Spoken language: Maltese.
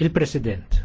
il-President.